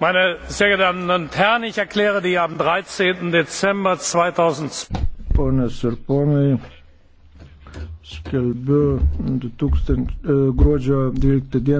meine sehr geehrten damen und herren! ich erkläre die am. dreizehn dezember zweitausendzwölf skelbiu du tūkstančiai äh, gruodžio dvyliktą d.